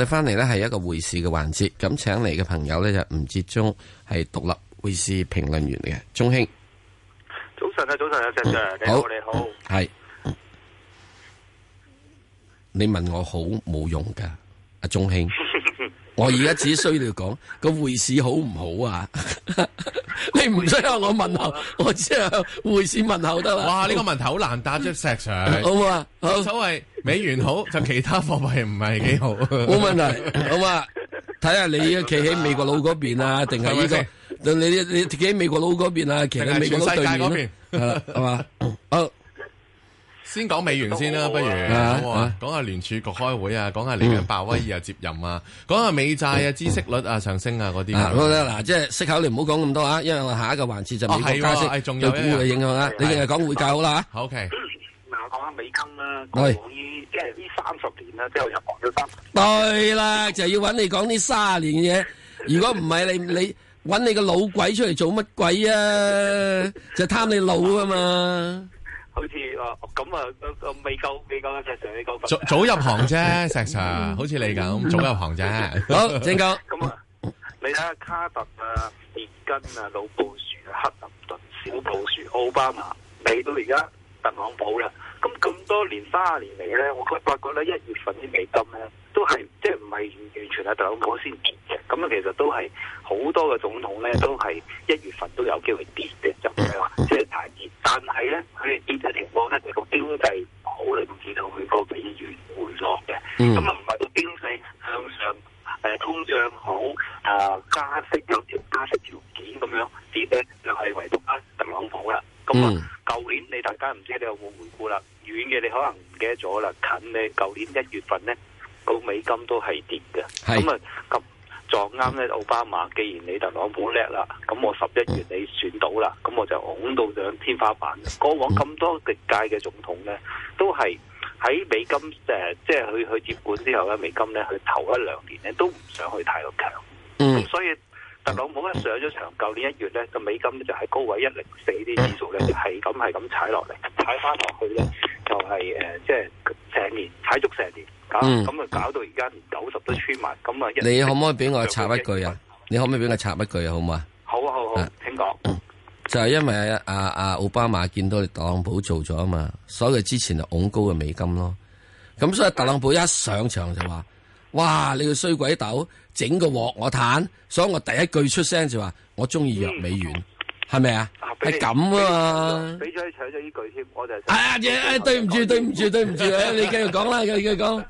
我哋翻嚟咧係一個匯市嘅環節，咁請嚟嘅朋友咧就吳捷鍾係獨立匯市評論員嘅，鍾興。早晨啊，早晨啊，石 Sir、嗯、 你好，嗯、你好，係、嗯。你問我好冇用噶，阿、啊、鍾興， 我而家只需要你講個匯市好唔好啊？ 你唔需要我問候， 我只係匯市問候得哇，呢、這個問題好難打出、嗯、張石 Sir、嗯、好啊，冇所謂。美元好，就其他貨幣唔係幾好。冇問題，好啊！睇下你企喺美國佬嗰邊啊，定係呢個？你你企喺美國佬嗰邊啊？定係全世界嗰邊？係嘛？先講美元先啦，不如啊，講下聯儲局開會啊，講下嚟緊鮑威爾接任啊，講下美債啊、孳息率啊、上升啊嗰啲啊。嗱，即係息口，你唔好講咁多啊，因為下一個環節就美國加息對股市嘅影響啊，你淨係講匯價好啦吓。O K。講美金啦，講呢即係呢三十年啦，即係入行咗三。對啦，就要揾你講呢卅年嘅嘢。如果唔係你你揾你個老鬼出嚟做乜鬼啊？就貪你老啊嘛。好似哦咁啊，未夠你咁嘅石 Sir，你夠早入行啫，石 Sir。好似你咁早入行啫。好，正哥。咁啊，你睇下卡特啊、列根啊、老布殊啊、克林頓、小布殊、奧巴馬，嚟到而家特朗普啦。多年卅年嚟咧，我覺發覺咧一月份啲美金咧都係即係唔係完全係特朗普先跌嘅，咁啊其實都係好多嘅總統咧都係一月份都有機會跌嘅，就唔係話即係大跌。但係咧佢哋跌嘅情況咧，的標個經濟好你唔見到佢個美元回落嘅，咁啊唔係個經濟向上誒、呃、通脹好啊、呃、加息有條加息條件咁樣跌咧，就係、是、唯獨特朗普啦。咁啊，舊、嗯、年你大家唔知你有冇回顧啦，遠嘅你可能唔記得咗啦，近呢，舊年一月份呢，個美金都係跌嘅，咁啊咁撞啱呢奧巴馬，既然你特朗普叻啦，咁我十一月你選到啦，咁、嗯、我就拱到上天花板。過、嗯、往咁多歷屆嘅總統呢，都係喺美金誒、呃，即係佢去接管之後呢，美金呢，佢頭一兩年呢都唔想去太強，咁、嗯、所以。特朗普一上咗場，舊年一月咧個美金就喺高位一零四啲指數咧，係咁係咁踩落嚟，踩翻落去咧就係、是、誒，即係成年踩足成年搞咁，啊搞到而家九十都穿埋，咁啊，你可唔可以俾我插一句啊？你可唔可以俾我插一句啊？好嘛？好啊，好好，請講。 就係、是、因為阿阿奧巴馬見到你特朗普做咗啊嘛，所以佢之前就拱高嘅美金咯。咁所以特朗普一上場就話。哇！你個衰鬼豆，整個鑊我淡，所以我第一句出聲就話我中意弱美元，係咪啊？係咁啊嘛！俾咗你搶咗呢句添，我就係係啊！姐，對唔住，對唔住，對唔住！你繼續講啦，繼續講。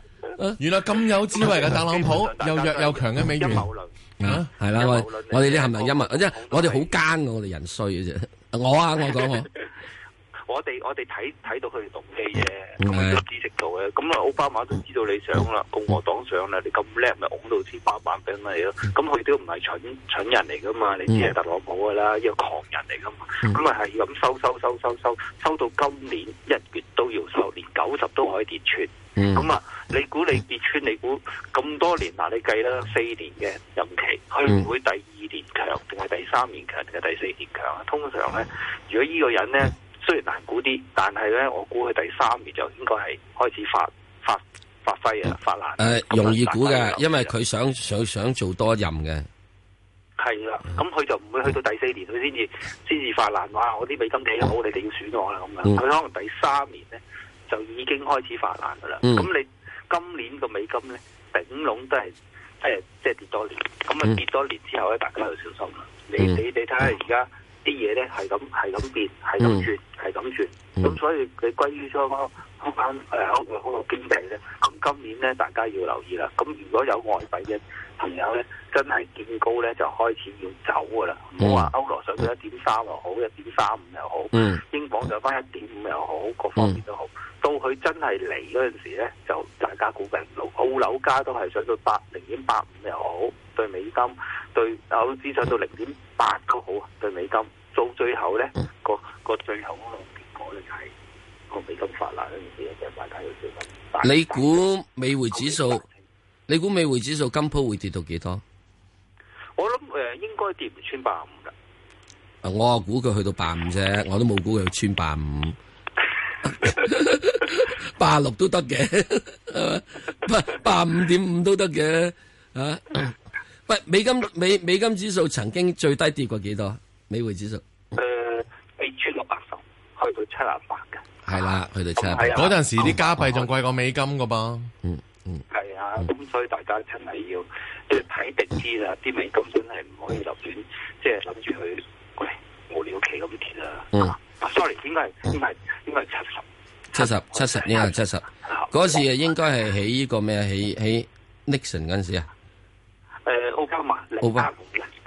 原來咁有智慧嘅特朗普，又弱又強嘅美元，係啦！我我哋啲係咪陰文？即係我哋好奸嘅，我哋人衰嘅啫。我啊，我講我。我哋我哋睇睇到佢哋動機啫，咁佢都知悉到嘅。咁啊，奧巴馬都知道你想啦，嗯、共和黨想啦，你咁叻咪拱到千八萬畀佢嚟咯。咁佢都唔係蠢蠢人嚟噶嘛，嗯、你知係特朗普噶啦，一、這個狂人嚟噶嘛。咁啊、嗯，係咁收收收收收，收到今年一月都要收，連九十都可以跌穿。咁啊、嗯，你估你跌穿，你估咁多年嗱，你計啦四年嘅任期，佢唔會第二年強，定係第三年強，定係第四年強啊？通常咧，如果呢個人咧，雖然難估啲，但係咧，我估佢第三年就應該係開始發發發揮啊，發難誒、嗯呃，容易估嘅，因為佢想想想做多任嘅，係啦，咁佢就唔會去到第四年佢先至先至發難，話我啲美金幾好，我哋、嗯、要選我啦，咁佢、嗯、可能第三年咧就已經開始發難噶啦，咁、嗯、你今年個美金咧頂籠都係誒即係跌多年，咁啊跌多年之後咧，嗯、大家要小心啦。你、嗯、你你睇下而家啲嘢咧係咁係咁變係咁轉。咁、嗯嗯、所以佢歸於咗嗰嗰班誒嗰個經濟咧。咁今年咧、哎，大家要留意啦。咁如果有外幣嘅，朋友咧真係見高咧，就開始要走噶啦。冇話、嗯，歐羅上到一點三又好，一點三五又好。嗯，英鎊上翻一點五又好，各方面都好。到佢真係嚟嗰陣時咧，就大家估唔到。澳樓價都係上到八零點八五又好，對美金；對樓指上到零點八都好，對美金。到最後咧，嗯、個個最後嗰個結果咧，就係個美金發難係係你估美匯指數？啊、你估美匯指數今鋪會跌到幾多？我諗誒、呃，應該跌唔穿八五噶。我估佢去到八五啫，我都冇估佢穿八五，八六 都得嘅，係八五點五都得嘅啊！喂 美金美美金指數曾經最低跌過幾多？美匯指數？去到七啊八嘅，係啦，去到七啊八。嗰陣時啲加幣仲貴過美金噶噃，嗯嗯，係啊，咁所以大家真係要即睇定啲啦，啲美金真係唔可以留戀，即係諗住去嚟無聊期咁跌啊。嗯，啊，sorry，應該係應該係應該係七十，七十，七十，應該係七十。嗰次啊，應該係喺呢個咩啊，喺喺 Nixon 嗰陣時啊。誒，歐加萬歐萬。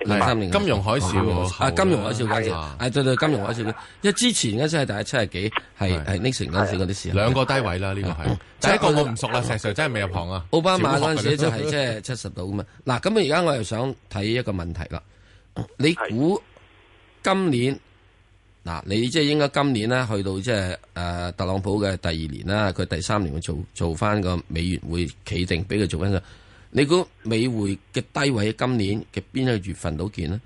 三年金融海嘯喎，啊金融海嘯嗰陣，啊對對金融海嘯，因為之前咧先係大家七廿幾，係 Nixon 嗰陣時嗰啲事，兩個低位啦，呢個係，第一個我唔熟啦，石 Sir 真係未入行啊。奧巴馬嗰陣時就係即係七十度咁嘛，嗱，咁而家我又想睇一個問題啦。你估今年嗱，你即係應該今年呢去到即係誒特朗普嘅第二年啦，佢第三年會做做翻個美元會企定，俾佢做翻個。你估美匯嘅低位今年嘅邊一個月份到見呢？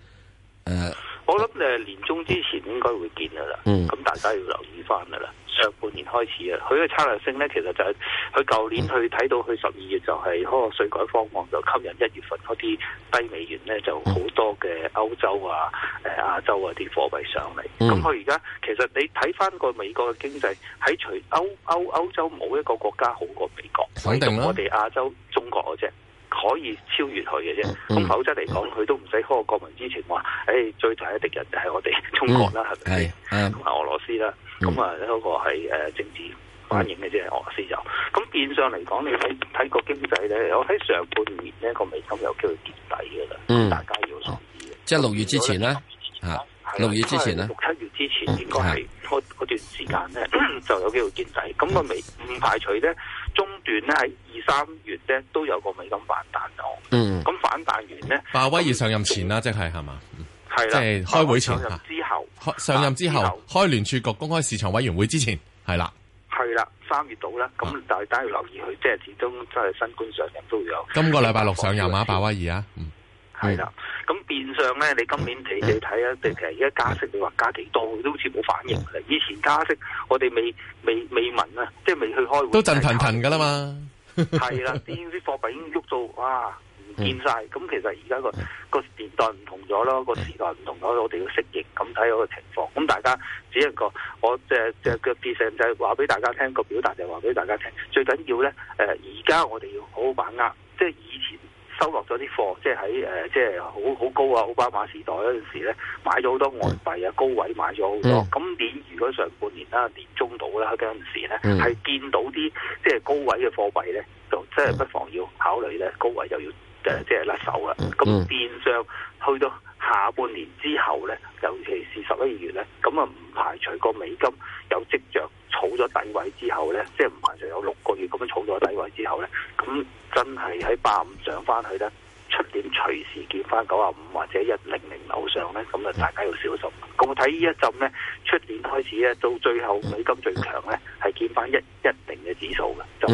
誒、呃，我諗誒年中之前應該會見噶啦。嗯，咁大家要留意翻噶啦。上半年開始啊，佢嘅差率升咧，其實就係佢舊年去睇到佢十二月就係嗰個稅改方案就吸引一月份嗰啲低美元咧就好多嘅歐洲啊誒亞、呃、洲啊啲貨幣上嚟。咁佢而家其實你睇翻個美國嘅經濟喺除歐歐歐洲冇一個國家好過美國，肯定啦、啊。我哋亞洲中國嘅啫。可以超越佢嘅啫，咁否則嚟講，佢都唔使開個國民之前話，誒最大嘅敵人就係我哋中國啦，係咪？係同埋俄羅斯啦，咁啊嗰個係誒政治反應嘅啫，俄羅斯就咁變相嚟講，你睇睇個經濟咧，我喺上半年呢個美金有機會見底嘅啦，大家要留意即係六月之前啦，六月之前啦，六七月之前應該係嗰段時間咧就有機會見底，咁啊未唔排除咧。段咧喺二三月咧都有個美金反彈嗯咁反彈完咧，鮑威爾上任前啦，即係係嘛，即係開會前之後上任之後，開聯儲局公開市場委員會之前，係啦，係啦，三月度啦，咁大家要留意佢，即係始終就係新官上任都有。今個禮拜六上任啊，鮑威爾啊。係啦，咁變相咧，你今年你你睇啊，即、嗯、其實而家加息，你話、嗯、加幾多，佢都好似冇反應嚟。嗯、以前加息，我哋未未未聞啊，即係未去開會都震騰騰噶啦嘛。係啦的，啲啲 貨幣已經喐到，哇，唔見晒。咁、嗯、其實而家、那個個、嗯、時代唔同咗咯，個時代唔同咗，我哋要適應。咁睇個情況，咁大家只係個我即係即係個就係話俾大家聽個表達，就話俾大家聽。最緊要咧，誒、呃，而家我哋要好好把握，即係以前。收落咗啲貨，即係喺誒，即係好好高啊！奧巴馬時代嗰陣時咧，買咗好多外幣啊，mm. 高位買咗好多。Mm. 今年如果上半年啦、年中到啦嗰陣時咧，係、mm. 見到啲即係高位嘅貨幣咧，就即係不妨要考慮咧，高位就要。誒，即係甩手啊！咁、嗯、變相去到下半年之後咧，尤其是十一月咧，咁啊唔排除個美金有跡象儲咗底位之後咧，即係唔排除有六個月咁樣儲咗底位之後咧，咁真係喺八五上翻去咧，出年隨時見翻九啊五或者一零零樓上咧，咁啊大家要小心。咁睇呢一陣咧，出年開始咧到最後美金最強咧，係見翻一一定嘅指數嘅，就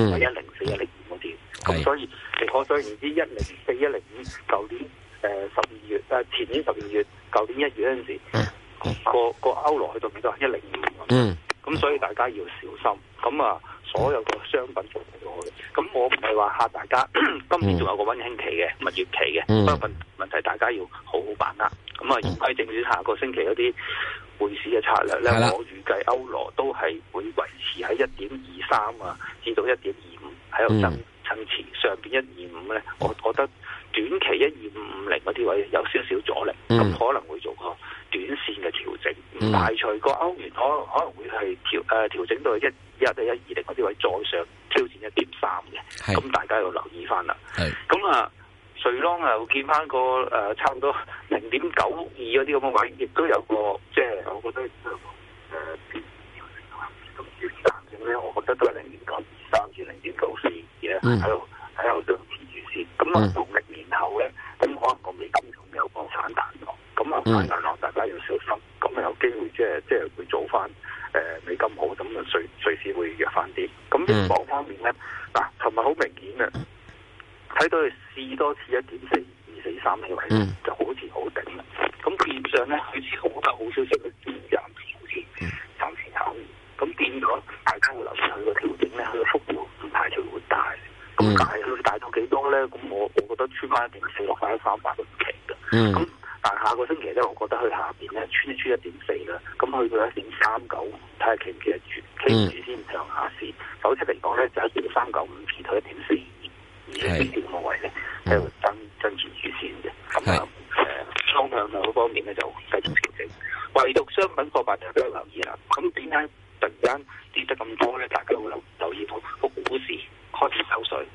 就一零五，嗯，咁所以大家要小心。咁啊，所有個商品仲係好嘅。咁我唔係話嚇大家， 今年仲有個溫馨期嘅，蜜月期嘅。五零嗰啲位有少少阻力，咁、嗯、可能會做個短線嘅調整。唔排除個歐元，可可能會係調誒、呃、調整到一一一二零嗰啲位再上挑戰一點三嘅。咁是大家要留意翻啦。咁是啊，瑞郎又見翻、那個誒、呃、差唔多零點九二嗰啲咁嘅位，亦都有個即係、就是、我覺得誒偏弱嘅話，咁短暫嘅咧，我覺得都係零點九二三至零點九四二嘅喺度喺度度持住先。咁啊、嗯。大家要小心。咁啊、mm.，有機會即係即係會做翻誒美金好，咁啊隨隨時會入翻啲。咁英鎊方面咧，嗱，琴日好明顯嘅，睇到佢試多次一點四二四三嘅位就好似好頂。咁變相咧，佢好得好少，少係見漲少啲，暫時減。咁變咗，大家會留意佢個調整咧，佢幅度唔排除會大，咁但係佢大到幾多咧？咁我我覺得出翻一點四六翻一三八都唔奇嘅。咁但下個星期咧，我覺得佢下邊咧穿一穿一點四啦，咁去到一點三九五，睇、嗯、下期期嘅期指先上下線。首先嚟講咧，就喺一點三九五至到一點四二二嘅邊條位咧，喺增增持主線嘅。咁啊，誒方是、嗯、向啊嗰方面咧就繼續調整。唯獨商品貨幣就都要留意啦。咁點解突然間跌得咁多咧？大家會留留意到個股市開始收水，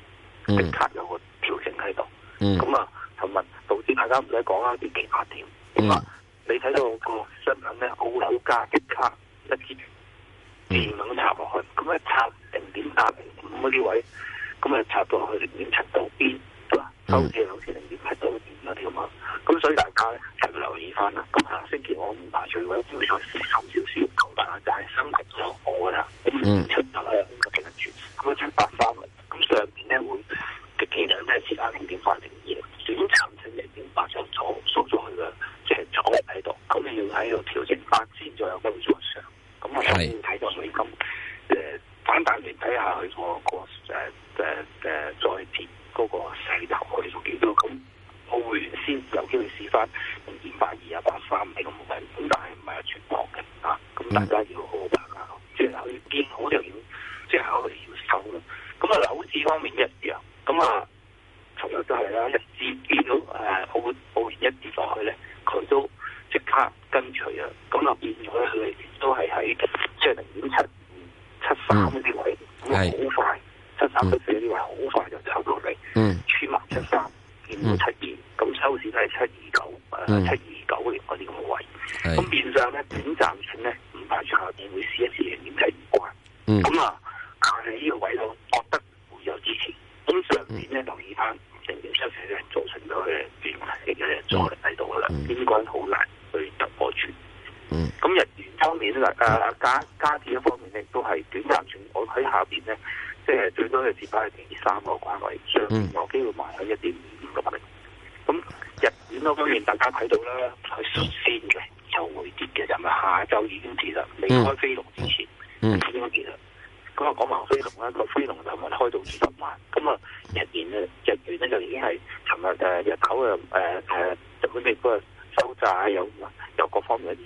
嗯、即刻有個調整喺度。咁、嗯、啊～而家唔使講啦，跌幾百點。你睇到個新聞咧，好樓價即刻一支連猛插落去。咁一插零點八零五嗰啲位，咁啊插到去零點七到邊嗱？收市樓零點七到邊嘛？咁所以大家咧留意翻啦。咁下星期五我唔排除會再收少少，但係收得咗好啦。咁出睇下佢，嗰個誒誒再接嗰個勢頭去到幾多？咁我會先有機會試翻二百二啊，百三呢個問題，咁但係唔係全國嘅嚇。咁大家要好好把握，即係佢見好就要，即係考慮要收啦。咁啊，樓市方面一樣，咁，就是，啊，同樣都係啦，一至見到會試一試點解唔關？咁啊，喺呢、嗯、個位度覺得有支持。咁上面咧留意翻，成條趨勢咧造成咗佢嘅短期嘅阻力喺度噶啦，應該好難去突破住。咁日元方面咧、啊，家家加一方面咧都係短暫轉，我喺下邊咧，即係最多嘅止牌係第三個關位上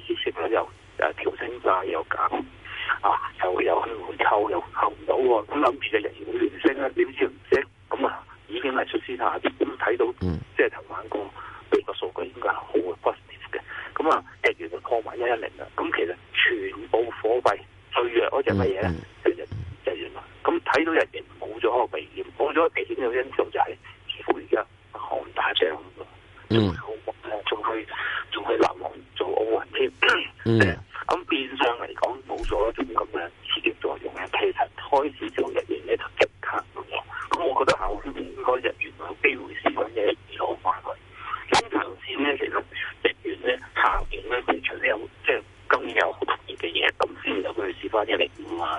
知前又誒調整曬又減啊，又又去回扣，又抽唔到喎，咁諗住就日圓會連升咧，點知唔升？咁啊已經係出師下。咁睇到即係頭晚個呢個數據應該係好嘅 positive 嘅，咁啊跌完就破埋一一零啦。咁其實全部貨幣最弱嗰隻乜嘢咧，其實就係咁睇到日元冇咗個避險，冇咗個避險嘅因素就係似乎而家行大漲。嗯。Yeah. 嗯，咁變相嚟講冇咗一種咁嘅刺激作用啊，其實開始就日元咧就即刻咁喎，咁我覺得下邊嗰日元有機會試回攞翻嚟，咁頭先咧其實日元咧下邊咧市場咧有即係今有好熱嘅嘢，咁先有去試翻一零五啊。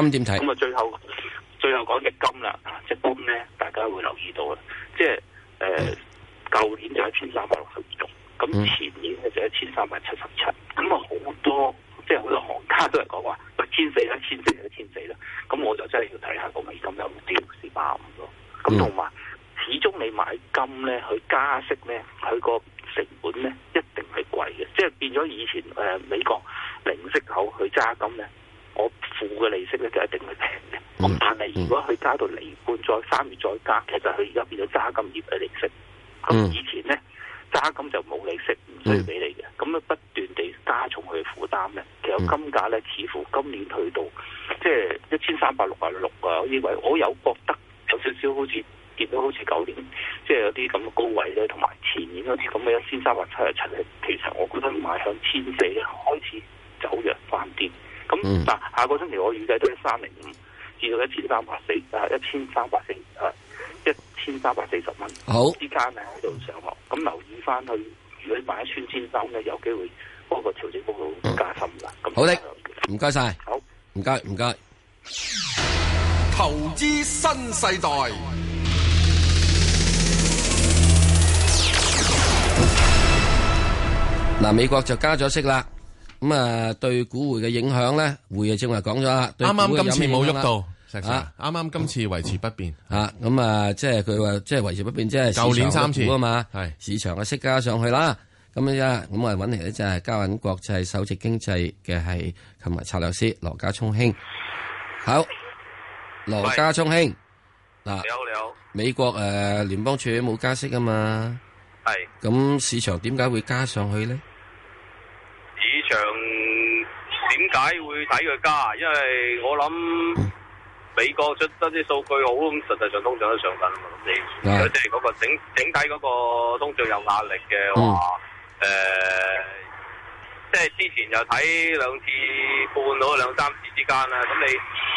咁點睇？咁啊，最後最後講隻金啦，啊隻金咧，大家會留意到啦，即係誒，舊、呃、年就一千三百六十二，咁前年咧就一千三百七十七，咁啊好多，嗯、即係好多行家都係講話一千四一千四一千四啦，咁我就真係要睇下個美金有冇跌四八五咯，咁同埋始終你買金咧，佢加息咧，佢個成本咧一定係貴嘅，即係變咗以前誒、呃、美國零息口去揸金咧。負嘅利息咧就是一定會平嘅，嗯嗯、但係如果佢加到年半再三月再加，其實佢而家變咗揸金業嘅利息。咁、嗯、以前咧揸金就冇利息，唔需要俾你嘅，咁咧、嗯、不斷地加重佢負擔咧。其實金價咧似乎今年去到即係一千三百六十六啊嗰啲位，我以為我有覺得有少少好似見到好似舊年即係、就是、有啲咁嘅高位咧，同埋前年嗰啲咁嘅一千三百七十七咧，其實我覺得買向千四。嗱，嗯、下個星期我預計都係一三零五至到一千三百四啊，一千三百四啊，一千三百四十蚊。好之間喺度上學，咁好留意翻去，如果買穿千三咧，有機會幫個調整幅度加深啦、嗯。好的，唔該晒。謝謝。好，唔該，唔該。投資新世代。嗱，美國就加咗息啦。咁啊，對股匯嘅影響咧，匯嘅正話講咗啦。啱啱今次冇喐到，啱啱今次維持不變啊！咁啊，即係佢話，即係維持不變，即係舊年三次啊嘛。係市場嘅息加上去啦，咁樣啫，搵嚟咧就係交銀國際首席經濟嘅係同埋策略師羅家聰興。好，羅家聰興嗱，美國誒聯邦儲備冇加息啊嘛，係咁市場點解會加上去咧？點解會睇佢加？因為我諗美國出得啲數據好，咁實際上通脹都上緊啊嘛。你即係嗰個整整體嗰個通脹有壓力嘅話，誒、嗯，即係、呃就係、之前就睇兩次半到兩三次之間啦。咁你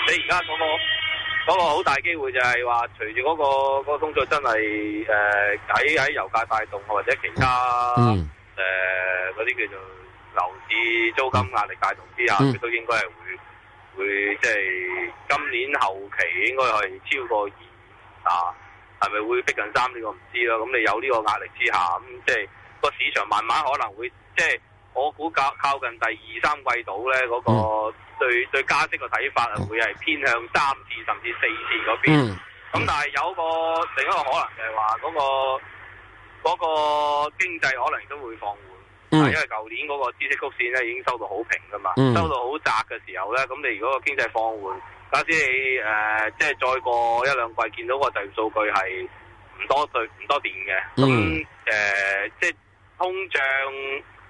你而家嗰個嗰、嗰個好大機會就係話，隨住嗰個、嗰個通脹真係誒抵喺油價帶動或者其他誒嗰啲叫做樓市。租金壓力大同之下，佢都、嗯、應該係會會即係今年後期應該係超過二啊，係咪會逼近三？呢個唔知啦。咁你有呢個壓力之下，咁即係個市場慢慢可能會即係、就是、我估較靠近第二三季度咧嗰個對、嗯、加息嘅睇法啊，會係偏向三次甚至四次嗰邊。咁、嗯、但係有個另一個可能就係話，嗰、個嗰、個經濟可能都會放緩。嗯、因為舊年嗰個知識曲線咧已經收到好平噶嘛，嗯、收到好窄嘅時候咧，咁你如果個經濟放緩，假使你誒即係再過一兩季見到嗰個就業數據係唔多對唔多點嘅，咁誒即係通脹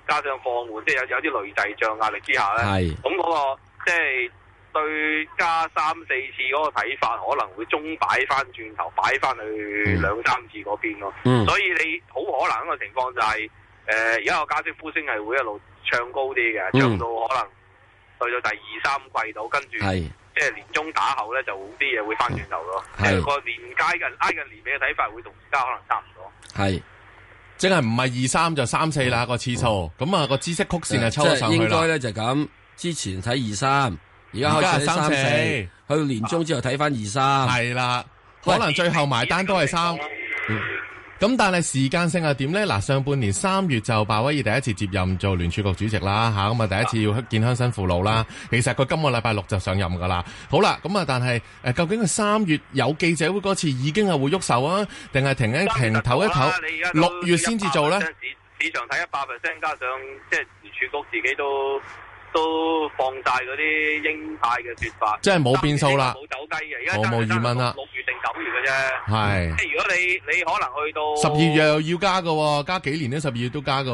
加上放緩，即、就、係、是、有有啲累滯脹壓力之下咧，咁嗰是、那個即係、就是、對加三四次嗰個睇法可能會中擺翻轉頭，擺翻去兩三次嗰邊咯。嗯、所以你好可能嗰個情況就係、是。誒，而家個加息呼聲係會一路唱高啲嘅，唱到可能去到第二三季度，跟住即係年終打後咧，就啲嘢會翻轉頭咯。係個年階嘅，挨近年尾嘅睇法會同而家可能差唔多。係，即係唔係二三就三四啦個次數。咁啊個知識曲線係抽上去啦。即係應該咧就咁，之前睇二三，而家開始三四，去到年終之後睇翻二三。係啦，可能最後埋單都係三。咁但係時間性又點咧？嗱，上半年三月就鮑威爾第一次接任做聯儲局主席啦嚇，咁啊第一次要見鄉紳父老啦。其實佢今個禮拜六就上任噶啦。好啦，咁啊，但係誒，究竟係三月有記者會嗰次已經係會喐手啊，定係停一停唞一唞，六月先至做咧？市市場睇一百 percent，加上即係聯儲局自己都。都放晒嗰啲鷹派嘅説法，即係冇變數啦，冇走雞嘅，我冇疑問而家真啦六月定九月嘅啫。係即係如果你你可能去到十二月又要加喎，加幾年咧？十二月都加喎。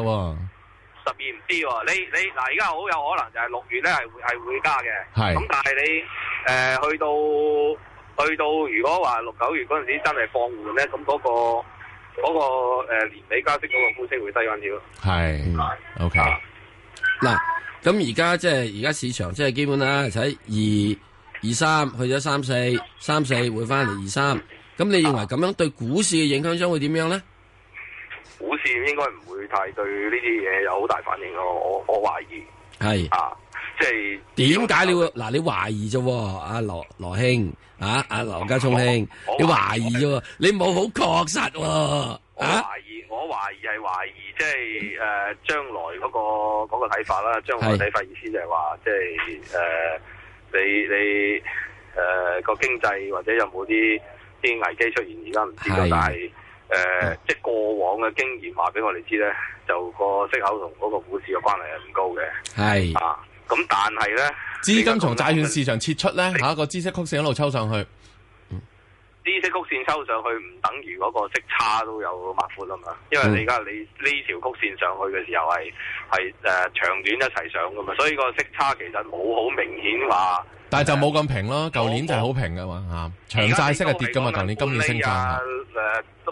十二唔知喎，你你嗱，而家好有可能就係六月咧，係係會加嘅。係咁是，但係你去到、呃、去到，去到如果話六九月嗰陣時真係放緩咧，咁嗰、嗰個嗰、嗰個嗰個年尾加息嗰個風聲會低返少。係，OK 嗱。咁而家即係而家市場即係基本啦、啊，就喺二二三去咗三四三四，會翻嚟二三。咁你認為咁樣對股市嘅影響將會點樣咧？股市應該唔會太對呢啲嘢有好大反應咯。我我懷疑係是啊，即係點解你會嗱你懷疑啫？阿羅羅兄啊，阿羅家聰兄，你懷疑啫？你冇好確實喎啊！我懷疑係懷疑，即係誒將來嗰個嗰個睇法啦。將來睇、那個那個、法，法意思就係話，是即係誒、呃、你你誒個、呃、經濟或者有冇啲啲危機出現？而家唔知道，是但係誒、呃哦、即係過往嘅經驗話俾我哋知咧，就個息口同嗰個股市嘅關係係唔高嘅。是啊，咁但係咧，資金從債券市場撤出咧，一是、啊那個知識曲線一路抽上去。孳息曲線收上去唔等於嗰個息差都有擘闊啊嘛，嗯、因為你而家你呢條曲線上去嘅時候係係誒長短一齊上噶嘛，所以個息差其實冇好明顯話。但係就冇咁平咯，舊、嗯、年就係好平噶嘛吓，長債息係跌噶嘛，舊年今年升價誒，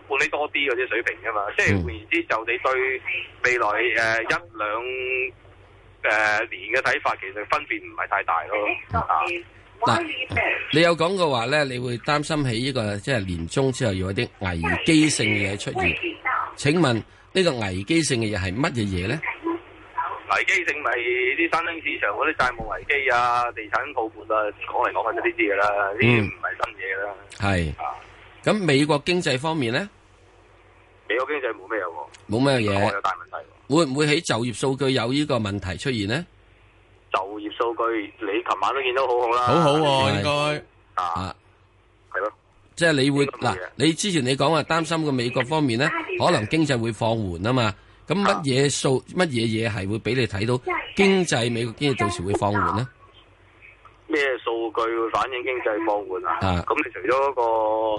獲利、啊呃、多啲嗰啲水平噶嘛，即係換言之就你對未來誒、呃、一兩誒、呃、年嘅睇法，其實分別唔係太大咯美啊。嗱，你有講過話咧，你會擔心起呢個即係年終之後有啲危機性嘅嘢出現？請問呢個危機性嘅嘢係乜嘢嘢咧？危機性咪啲新興市場嗰啲債務危機啊、地產泡沫啊，講嚟講去都呢啲嘢啦，呢啲唔係新嘢啦。係。咁美國經濟方面咧？美國經濟冇咩喎？冇咩嘢？有大問題。會唔會喺就業數據有呢個問題出現咧？就業數據你琴晚都見到好好啦，好好喎，應該啊，係咯，即係你會嗱，你之前你講話擔心個美國方面咧，可能經濟會放緩啊嘛，咁乜嘢數乜嘢嘢係會俾你睇到經濟美國經濟到時會放緩呢？咩數據會反映經濟放緩啊？咁你除咗個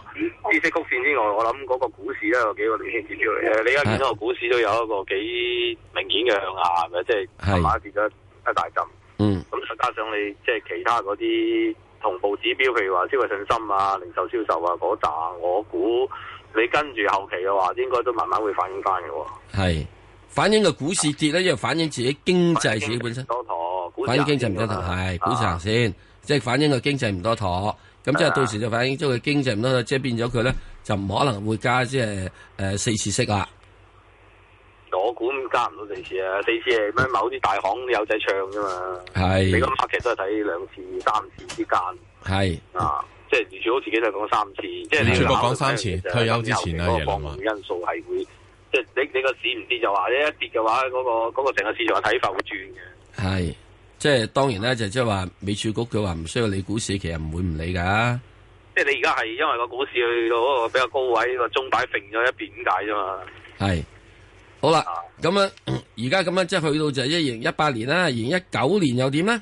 孳息曲線之外，我諗嗰個股市都有幾個明顯指標嚟嘅。你而家見到個股市都有一個幾明顯嘅向下，即係馬跌咗一大浸。嗯，咁實加上你即係、就是、其他嗰啲同步指標，譬如話消費信心啊、零售銷售啊嗰扎，我估你跟住後期嘅話，應該都慢慢會反映翻嘅、哦。係反映個股市跌咧，就反映自己經濟自己本身多妥，反映經濟唔多妥，係股市行先，即係反映個經濟唔多妥。咁即係到時就反映咗佢經濟唔多妥，即係變咗佢咧就唔可能會加，即係誒四次息啊。我估加唔到四次啊！四次係咩？某啲大行有仔唱㗎嘛。係是。你今期都係睇兩次、三次之間。係是、啊。即係美儲局自己就講三次。美儲局講三次，退休之前啊，其實嘛。因素係會，即係你個市唔跌就話咧，一跌嘅話，嗰，那個嗰個成個市場睇法會轉嘅。係。即係當然呢，就即係話美儲局佢話唔需要理股市，其實唔會唔理㗎、啊。即係你而家係因為個股市去到嗰個比較高位，那個鐘擺揈咗一邊解啫嘛？係。好啦，咁、啊嗯、樣而家咁樣，即係去到就係二零一八年啦，二零一九年又呢年點咧？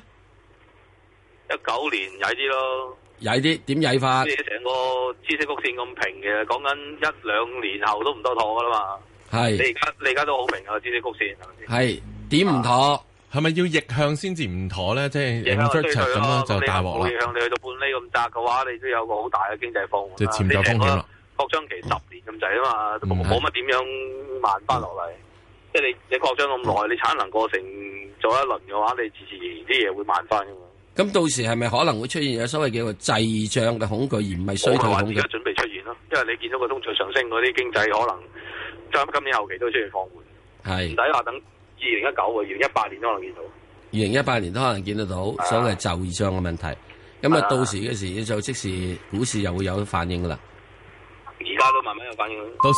一九年曳啲咯，曳啲點曳法？即係成個知識曲線咁平嘅，講緊一兩年後都唔多妥噶啦嘛。係是你而家你而家都好平啊，知識曲線係點唔妥？係咪要逆向先至唔妥咧？即係影出咁樣就大鑊啦。逆向你去到半厘咁窄嘅話，你都有個好大嘅經濟方，即係潛在風險啦。擴張期十年咁滯啊嘛，冇乜點樣慢翻落嚟。嗯、即係你你擴張咁耐，嗯、你產能過剩做一輪嘅話，你遲遲啲嘢會慢翻嘅。咁到時係咪可能會出現有所謂叫做滯脹嘅恐懼，而唔係衰退恐懼？而家準備出現咯，因為你見到個通脹上升，嗰啲經濟可能將今年後期都出現放緩。係唔使話等二零一九二零一八年都可能見到。二零一八年都可能見得到，的所以就滯脹嘅問題。咁啊的，到時嘅時就即時股市又會有反應啦。而家都慢慢有反應咯。多